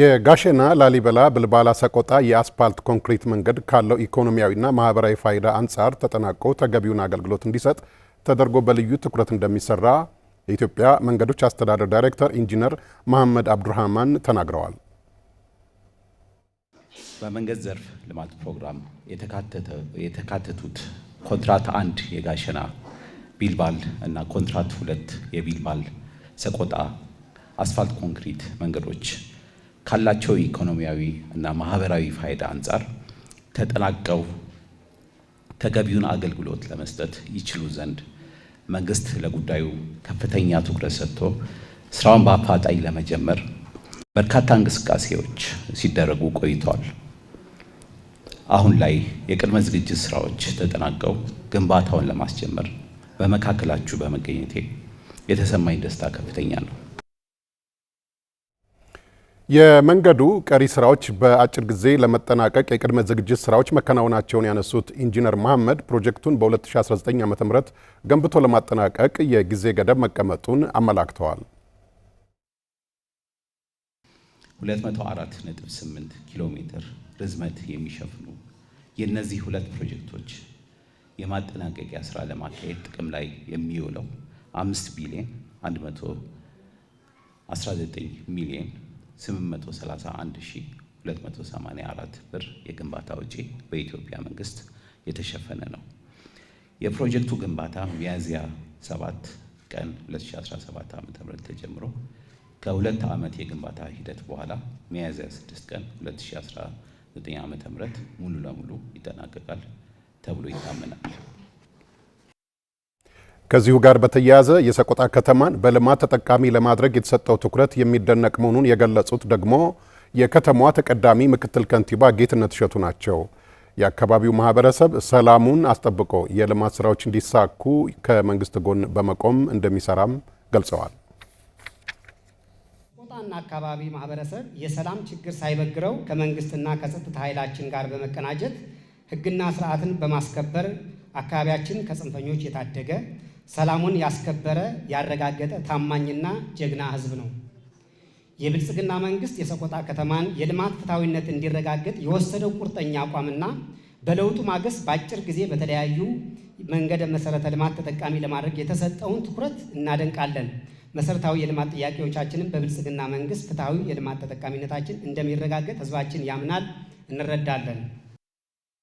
የጋሸና ላሊበላ ብልባላ ሰቆጣ የአስፓልት ኮንክሪት መንገድ ካለው ኢኮኖሚያዊና ማህበራዊ ፋይዳ አንጻር ተጠናቆ ተገቢውን አገልግሎት እንዲሰጥ ተደርጎ በልዩ ትኩረት እንደሚሰራ የኢትዮጵያ መንገዶች አስተዳደር ዳይሬክተር ኢንጂነር መሐመድ አብዱራህማን ተናግረዋል። በመንገድ ዘርፍ ልማት ፕሮግራም የተካተቱት ኮንትራት አንድ የጋሸና ቢልባል እና ኮንትራት ሁለት የቢልባል ሰቆጣ አስፋልት ኮንክሪት መንገዶች ካላቸው ኢኮኖሚያዊ እና ማህበራዊ ፋይዳ አንጻር ተጠናቀው ተገቢውን አገልግሎት ለመስጠት ይችሉ ዘንድ መንግስት ለጉዳዩ ከፍተኛ ትኩረት ሰጥቶ ስራውን በአፋጣኝ ለመጀመር በርካታ እንቅስቃሴዎች ሲደረጉ ቆይተዋል። አሁን ላይ የቅድመ ዝግጅት ስራዎች ተጠናቀው ግንባታውን ለማስጀመር በመካከላችሁ በመገኘቴ የተሰማኝ ደስታ ከፍተኛ ነው። የመንገዱ ቀሪ ስራዎች በአጭር ጊዜ ለመጠናቀቅ የቅድመ ዝግጅት ስራዎች መከናወናቸውን ያነሱት ኢንጂነር መሐመድ ፕሮጀክቱን በ2019 ዓ ም ገንብቶ ለማጠናቀቅ የጊዜ ገደብ መቀመጡን አመላክተዋል። 248 ኪሎ ሜትር ርዝመት የሚሸፍኑ የእነዚህ ሁለት ፕሮጀክቶች የማጠናቀቂያ ስራ ለማካሄድ ጥቅም ላይ የሚውለው 5 ቢሊዮን 119 ሚሊዮን 831284 ብር የግንባታ ውጪ በኢትዮጵያ መንግስት የተሸፈነ ነው። የፕሮጀክቱ ግንባታ ሚያዝያ 7 ቀን 2017 ዓ.ም ተጀምሮ ከሁለት ዓመት የግንባታ ሂደት በኋላ ሚያዝያ 6 ቀን 2019 ዓ.ም ሙሉ ለሙሉ ይጠናቀቃል ተብሎ ይታመናል። ከዚሁ ጋር በተያያዘ የሰቆጣ ከተማን በልማት ተጠቃሚ ለማድረግ የተሰጠው ትኩረት የሚደነቅ መሆኑን የገለጹት ደግሞ የከተማዋ ተቀዳሚ ምክትል ከንቲባ ጌትነት እሸቱ ናቸው። የአካባቢው ማህበረሰብ ሰላሙን አስጠብቆ የልማት ስራዎች እንዲሳኩ ከመንግስት ጎን በመቆም እንደሚሰራም ገልጸዋል። ሰቆጣና አካባቢ ማህበረሰብ የሰላም ችግር ሳይበግረው ከመንግስትና ከጸጥታ ኃይላችን ጋር በመቀናጀት ህግና ስርዓትን በማስከበር አካባቢያችን ከጽንፈኞች የታደገ ሰላሙን ያስከበረ ያረጋገጠ ታማኝና ጀግና ህዝብ ነው። የብልጽግና መንግስት የሰቆጣ ከተማን የልማት ፍትሐዊነት እንዲረጋገጥ የወሰደው ቁርጠኛ አቋምና በለውጡ ማግስት በአጭር ጊዜ በተለያዩ መንገድ መሰረተ ልማት ተጠቃሚ ለማድረግ የተሰጠውን ትኩረት እናደንቃለን። መሰረታዊ የልማት ጥያቄዎቻችንን በብልጽግና መንግስት ፍትሐዊ የልማት ተጠቃሚነታችን እንደሚረጋገጥ ህዝባችን ያምናል፣ እንረዳለን።